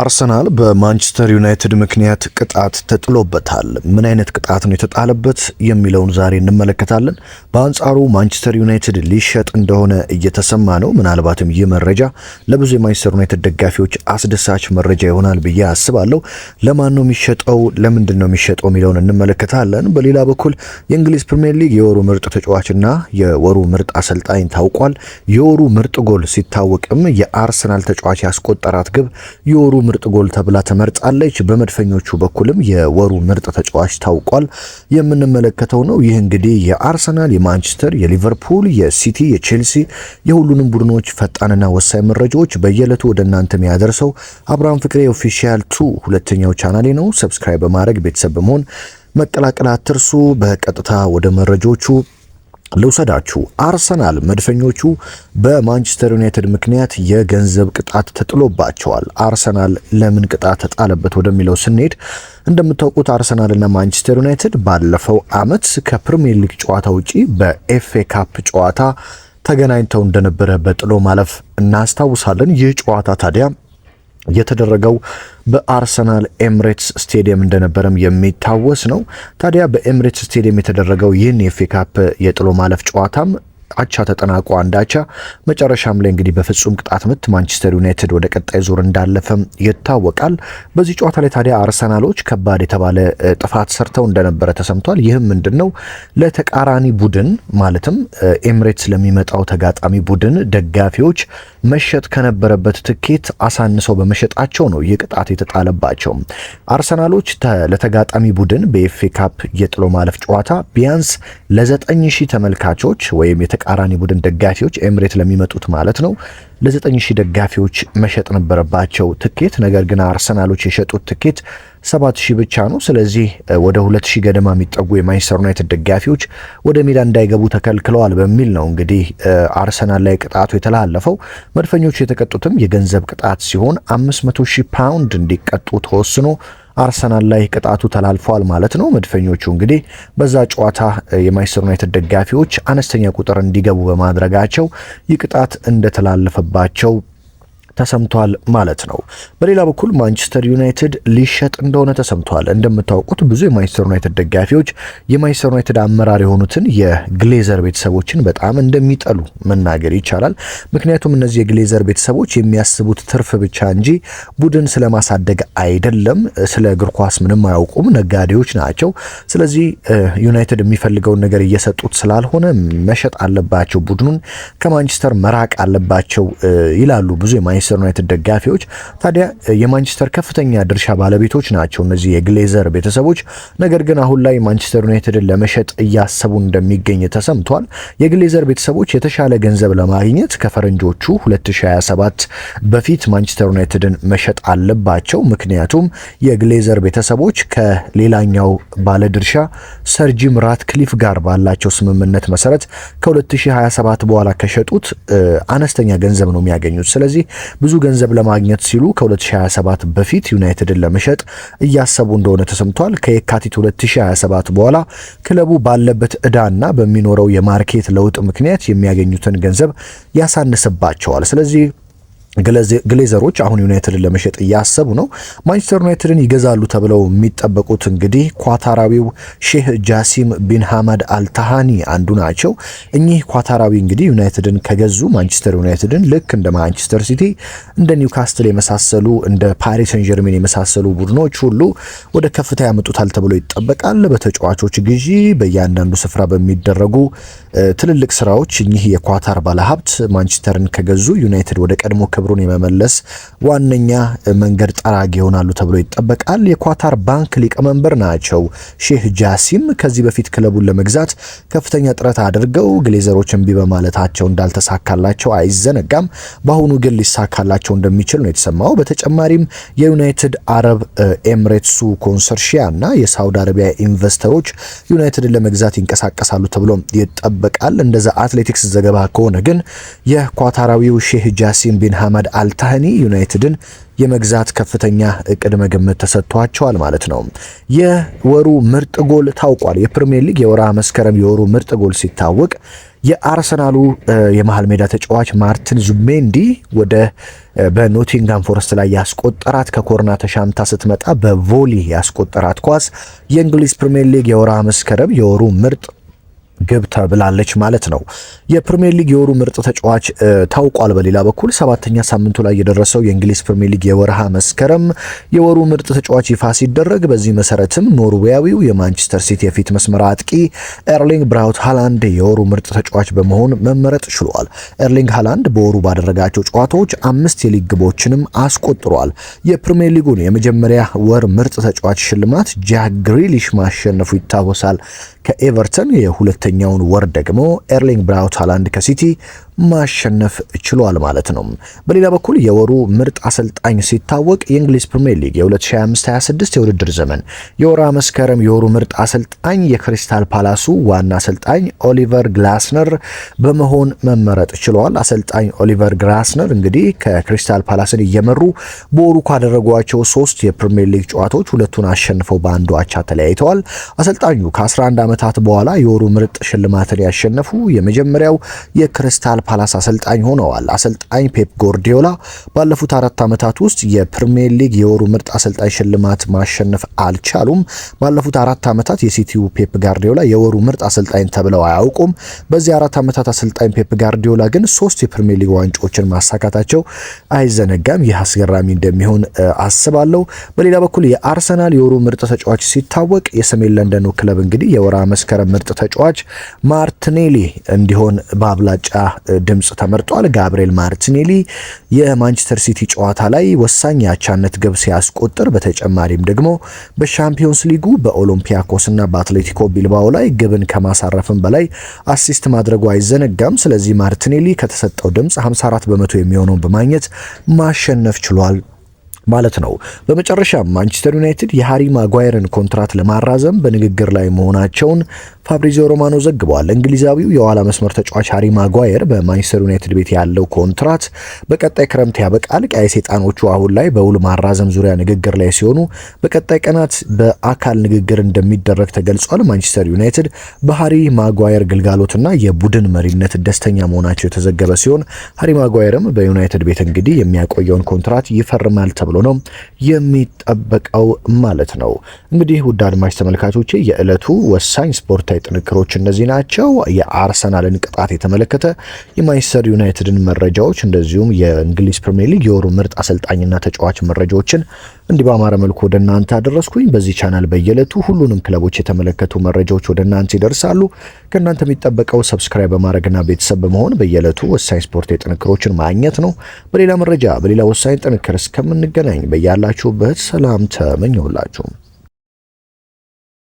አርሰናል በማንቸስተር ዩናይትድ ምክንያት ቅጣት ተጥሎበታል። ምን አይነት ቅጣት ነው የተጣለበት የሚለውን ዛሬ እንመለከታለን። በአንጻሩ ማንቸስተር ዩናይትድ ሊሸጥ እንደሆነ እየተሰማ ነው። ምናልባትም ይህ መረጃ ለብዙ የማንቸስተር ዩናይትድ ደጋፊዎች አስደሳች መረጃ ይሆናል ብዬ አስባለሁ። ለማን ነው የሚሸጠው? ለምንድን ነው የሚሸጠው የሚለውን እንመለከታለን። በሌላ በኩል የእንግሊዝ ፕሪምየር ሊግ የወሩ ምርጥ ተጫዋችና የወሩ ምርጥ አሰልጣኝ ታውቋል። የወሩ ምርጥ ጎል ሲታወቅም የአርሰናል ተጫዋች ያስቆጠራት ግብ የወሩ ምርጥ ጎል ተብላ ተመርጣለች። በመድፈኞቹ በኩልም የወሩ ምርጥ ተጫዋች ታውቋል የምንመለከተው ነው። ይህ እንግዲህ የአርሰናል፣ የማንቸስተር፣ የሊቨርፑል፣ የሲቲ፣ የቼልሲ የሁሉንም ቡድኖች ፈጣንና ወሳኝ መረጃዎች በየዕለቱ ወደ እናንተ የሚያደርሰው አብርሃም ፍቅሬ ኦፊሻል ቱ ሁለተኛው ቻናሌ ነው። ሰብስክራይብ በማድረግ ቤተሰብ በመሆን መቀላቀል አትርሱ። በቀጥታ ወደ መረጃዎቹ ልውሰዳችሁ። አርሰናል መድፈኞቹ በማንቸስተር ዩናይትድ ምክንያት የገንዘብ ቅጣት ተጥሎባቸዋል። አርሰናል ለምን ቅጣት ተጣለበት ወደሚለው ስንሄድ እንደምታውቁት አርሰናልና ማንቸስተር ዩናይትድ ባለፈው ዓመት ከፕሪሚየር ሊግ ጨዋታ ውጪ በኤፍኤ ካፕ ጨዋታ ተገናኝተው እንደነበረ በጥሎ ማለፍ እናስታውሳለን። ይህ ጨዋታ ታዲያ የተደረገው በአርሰናል ኤምሬትስ ስቴዲየም እንደነበረም የሚታወስ ነው። ታዲያ በኤምሬትስ ስቴዲየም የተደረገው ይህን የኤፍኤ ካፕ የጥሎ ማለፍ ጨዋታም አቻ ተጠናቆ አንዳቻ አቻ፣ መጨረሻም ላይ እንግዲህ በፍጹም ቅጣት ምት ማንቸስተር ዩናይትድ ወደ ቀጣይ ዙር እንዳለፈም ይታወቃል። በዚህ ጨዋታ ላይ ታዲያ አርሰናሎች ከባድ የተባለ ጥፋት ሰርተው እንደነበረ ተሰምቷል። ይህም ምንድን ነው? ለተቃራኒ ቡድን ማለትም ኤምሬትስ ለሚመጣው ተጋጣሚ ቡድን ደጋፊዎች መሸጥ ከነበረበት ትኬት አሳንሰው በመሸጣቸው ነው ይህ ቅጣት የተጣለባቸው። አርሰናሎች ለተጋጣሚ ቡድን በኤፍኤ ካፕ የጥሎ ማለፍ ጨዋታ ቢያንስ ለዘጠኝ ሺህ ተመልካቾች ወይም የተቃራኒ ቡድን ደጋፊዎች ኤምሬት ለሚመጡት ማለት ነው ለ9000 ደጋፊዎች መሸጥ ነበረባቸው ትኬት። ነገር ግን አርሰናሎች የሸጡት ትኬት 7000 ብቻ ነው። ስለዚህ ወደ 2000 ገደማ የሚጠጉ የማንቸስተር ዩናይትድ ደጋፊዎች ወደ ሜዳ እንዳይገቡ ተከልክለዋል በሚል ነው እንግዲህ አርሰናል ላይ ቅጣቱ የተላለፈው። መድፈኞቹ የተቀጡትም የገንዘብ ቅጣት ሲሆን 500000 ፓውንድ እንዲቀጡ ተወስኖ አርሰናል ላይ ቅጣቱ ተላልፏል ማለት ነው። መድፈኞቹ እንግዲህ በዛ ጨዋታ የማንቸስተር ዩናይትድ ደጋፊዎች አነስተኛ ቁጥር እንዲገቡ በማድረጋቸው ይህ ቅጣት እንደተላለፈባቸው ተሰምቷል ማለት ነው። በሌላ በኩል ማንቸስተር ዩናይትድ ሊሸጥ እንደሆነ ተሰምቷል። እንደምታውቁት ብዙ የማንቸስተር ዩናይትድ ደጋፊዎች የማንቸስተር ዩናይትድ አመራር የሆኑትን የግሌዘር ቤተሰቦችን በጣም እንደሚጠሉ መናገር ይቻላል። ምክንያቱም እነዚህ የግሌዘር ቤተሰቦች የሚያስቡት ትርፍ ብቻ እንጂ ቡድን ስለማሳደግ አይደለም። ስለ እግር ኳስ ምንም አያውቁም፣ ነጋዴዎች ናቸው። ስለዚህ ዩናይትድ የሚፈልገውን ነገር እየሰጡት ስላልሆነ መሸጥ አለባቸው፣ ቡድኑን ከማንቸስተር መራቅ አለባቸው ይላሉ ብዙ የማንቸስተር ዩናይትድ ደጋፊዎች ታዲያ የማንቸስተር ከፍተኛ ድርሻ ባለቤቶች ናቸው እነዚህ የግሌዘር ቤተሰቦች። ነገር ግን አሁን ላይ ማንቸስተር ዩናይትድን ለመሸጥ እያሰቡ እንደሚገኝ ተሰምቷል። የግሌዘር ቤተሰቦች የተሻለ ገንዘብ ለማግኘት ከፈረንጆቹ 2027 በፊት ማንቸስተር ዩናይትድን መሸጥ አለባቸው። ምክንያቱም የግሌዘር ቤተሰቦች ከሌላኛው ባለድርሻ ሰር ጂም ራትክሊፍ ጋር ባላቸው ስምምነት መሰረት ከ2027 በኋላ ከሸጡት አነስተኛ ገንዘብ ነው የሚያገኙት። ስለዚህ ብዙ ገንዘብ ለማግኘት ሲሉ ከ2027 በፊት ዩናይትድን ለመሸጥ እያሰቡ እንደሆነ ተሰምቷል። ከየካቲት 2027 በኋላ ክለቡ ባለበት እዳና በሚኖረው የማርኬት ለውጥ ምክንያት የሚያገኙትን ገንዘብ ያሳንስባቸዋል። ስለዚህ ግሌዘሮች አሁን ዩናይትድን ለመሸጥ እያሰቡ ነው። ማንቸስተር ዩናይትድን ይገዛሉ ተብለው የሚጠበቁት እንግዲህ ኳታራዊው ሼህ ጃሲም ቢን ሐመድ አልታሃኒ አንዱ ናቸው። እኚህ ኳታራዊ እንግዲህ ዩናይትድን ከገዙ ማንቸስተር ዩናይትድን ልክ እንደ ማንቸስተር ሲቲ፣ እንደ ኒውካስትል የመሳሰሉ እንደ ፓሪስ ሰን ጀርሜን የመሳሰሉ ቡድኖች ሁሉ ወደ ከፍታ ያመጡታል ተብሎ ይጠበቃል። በተጫዋቾች ግዢ፣ በእያንዳንዱ ስፍራ በሚደረጉ ትልልቅ ስራዎች እኚህ የኳታር ባለሀብት ማንቸስተርን ከገዙ ዩናይትድ ወደ ቀድሞ ክብሩን የመመለስ ዋነኛ መንገድ ጠራጊ ይሆናሉ ተብሎ ይጠበቃል። የኳታር ባንክ ሊቀመንበር ናቸው ሼህ ጃሲም ከዚህ በፊት ክለቡን ለመግዛት ከፍተኛ ጥረት አድርገው ግሌዘሮች እምቢ በማለታቸው እንዳልተሳካላቸው አይዘነጋም። በአሁኑ ግን ሊሳካላቸው እንደሚችል ነው የተሰማው። በተጨማሪም የዩናይትድ አረብ ኤምሬትሱ ኮንሰርሺያ እና የሳውዲ አረቢያ ኢንቨስተሮች ዩናይትድን ለመግዛት ይንቀሳቀሳሉ ተብሎ ይጠበቃል። እንደዛ አትሌቲክስ ዘገባ ከሆነ ግን የኳታራዊው ሼህ ጃሲም ቢን አህመድ አልታህኒ ዩናይትድን የመግዛት ከፍተኛ ቅድመ ግምት ተሰጥቷቸዋል ማለት ነው። የወሩ ምርጥ ጎል ታውቋል። የፕሪሚየር ሊግ የወራ መስከረም የወሩ ምርጥ ጎል ሲታወቅ የአርሰናሉ የመሃል ሜዳ ተጫዋች ማርቲን ዙሜንዲ ወደ በኖቲንጋም ፎረስት ላይ ያስቆጠራት ከኮርና ተሻምታ ስትመጣ በቮሊ ያስቆጠራት ኳስ የእንግሊዝ ፕሪሚየር ሊግ የወራ መስከረም የወሩ ምርጥ ግብ ተብላለች ማለት ነው። የፕሪሚየር ሊግ የወሩ ምርጥ ተጫዋች ታውቋል። በሌላ በኩል ሰባተኛ ሳምንቱ ላይ የደረሰው የእንግሊዝ ፕሪሚየር ሊግ የወርሃ መስከረም የወሩ ምርጥ ተጫዋች ይፋ ሲደረግ በዚህ መሰረትም ኖርዌያዊው የማንቸስተር ሲቲ የፊት መስመር አጥቂ ኤርሊንግ ብራውት ሃላንድ የወሩ ምርጥ ተጫዋች በመሆን መመረጥ ችሏል። ኤርሊንግ ሃላንድ በወሩ ባደረጋቸው ጨዋታዎች አምስት የሊግ ግቦችንም አስቆጥሯል። የፕሪሚየር ሊጉን የመጀመሪያ ወር ምርጥ ተጫዋች ሽልማት ጃክ ግሪሊሽ ማሸነፉ ይታወሳል። ከኤቨርተን የሁለት ሁለተኛውን ወር ደግሞ ኤርሊንግ ብራውት ሃላንድ ከሲቲ ማሸነፍ ችሏል ማለት ነው። በሌላ በኩል የወሩ ምርጥ አሰልጣኝ ሲታወቅ የእንግሊዝ ፕሪምየር ሊግ የ2025/26 የውድድር ዘመን የወራ መስከረም የወሩ ምርጥ አሰልጣኝ የክሪስታል ፓላሱ ዋና አሰልጣኝ ኦሊቨር ግላስነር በመሆን መመረጥ ችሏል። አሰልጣኝ ኦሊቨር ግላስነር እንግዲህ ከክሪስታል ፓላስን እየመሩ በወሩ ካደረጓቸው ሶስት የፕሪምየር ሊግ ጨዋታዎች ሁለቱን አሸንፈው በአንዱ አቻ ተለያይተዋል። አሰልጣኙ ከ11 ዓመታት በኋላ የወሩ ምርጥ ሽልማትን ያሸነፉ የመጀመሪያው የክሪስታል ፓላስ አሰልጣኝ ሆነዋል። አሰልጣኝ ፔፕ ጎርዲዮላ ባለፉት አራት ዓመታት ውስጥ የፕሪሚየር ሊግ የወሩ ምርጥ አሰልጣኝ ሽልማት ማሸነፍ አልቻሉም። ባለፉት አራት ዓመታት የሲቲው ፔፕ ጋርዲዮላ የወሩ ምርጥ አሰልጣኝ ተብለው አያውቁም። በዚህ አራት ዓመታት አሰልጣኝ ፔፕ ጋርዲዮላ ግን ሶስት የፕሪሚየር ሊግ ዋንጫዎችን ማሳካታቸው አይዘነጋም። ይህ አስገራሚ እንደሚሆን አስባለሁ። በሌላ በኩል የአርሰናል የወሩ ምርጥ ተጫዋች ሲታወቅ የሰሜን ለንደኑ ክለብ እንግዲህ የወራ መስከረም ምርጥ ተጫዋች ማርቲኔሊ እንዲሆን በአብላጫ ድምፅ ተመርጧል። ጋብሪኤል ማርቲኔሊ የማንቸስተር ሲቲ ጨዋታ ላይ ወሳኝ የአቻነት ግብ ሲያስቆጥር፣ በተጨማሪም ደግሞ በሻምፒዮንስ ሊጉ በኦሎምፒያኮስ እና በአትሌቲኮ ቢልባኦ ላይ ግብን ከማሳረፍም በላይ አሲስት ማድረጉ አይዘነጋም። ስለዚህ ማርቲኔሊ ከተሰጠው ድምፅ 54 በመቶ የሚሆነውን በማግኘት ማሸነፍ ችሏል ማለት ነው። በመጨረሻም ማንቸስተር ዩናይትድ የሃሪ ማጓየርን ኮንትራት ለማራዘም በንግግር ላይ መሆናቸውን ፋብሪዚዮ ሮማኖ ዘግቧል እንግሊዛዊው የኋላ መስመር ተጫዋች ሃሪ ማጓየር በማንቸስተር ዩናይትድ ቤት ያለው ኮንትራት በቀጣይ ክረምት ያበቃል። ቀይ ሰይጣኖቹ አሁን ላይ በውል ማራዘም ዙሪያ ንግግር ላይ ሲሆኑ በቀጣይ ቀናት በአካል ንግግር እንደሚደረግ ተገልጿል። ማንቸስተር ዩናይትድ በሃሪ ማጓየር ግልጋሎትና የቡድን መሪነት ደስተኛ መሆናቸው የተዘገበ ሲሆን ሃሪ ማጓየርም በዩናይትድ ቤት እንግዲህ የሚያቆየውን ኮንትራት ይፈርማል ተብሎ ነው የሚጠበቀው ማለት ነው። እንግዲህ ውድ አድማጭ ተመልካቾቼ የዕለቱ ወሳኝ ስፖርት ስፖርታዊ ጥንክሮች እነዚህ ናቸው። የአርሰናልን ቅጣት የተመለከተ የማንቸስተር ዩናይትድን መረጃዎች፣ እንደዚሁም የእንግሊዝ ፕሪሚየር ሊግ የወሩ ምርጥ አሰልጣኝና ተጫዋች መረጃዎችን እንዲህ በአማረ መልኩ ወደ እናንተ አደረስኩኝ። በዚህ ቻናል በየዕለቱ ሁሉንም ክለቦች የተመለከቱ መረጃዎች ወደ እናንተ ይደርሳሉ። ከእናንተ የሚጠበቀው ሰብስክራይብ በማድረግና ቤተሰብ በመሆን በየዕለቱ ወሳኝ ስፖርት የጥንክሮችን ማግኘት ነው። በሌላ መረጃ በሌላ ወሳኝ ጥንክር እስከምንገናኝ በያላችሁበት ሰላም ተመኘሁላችሁ።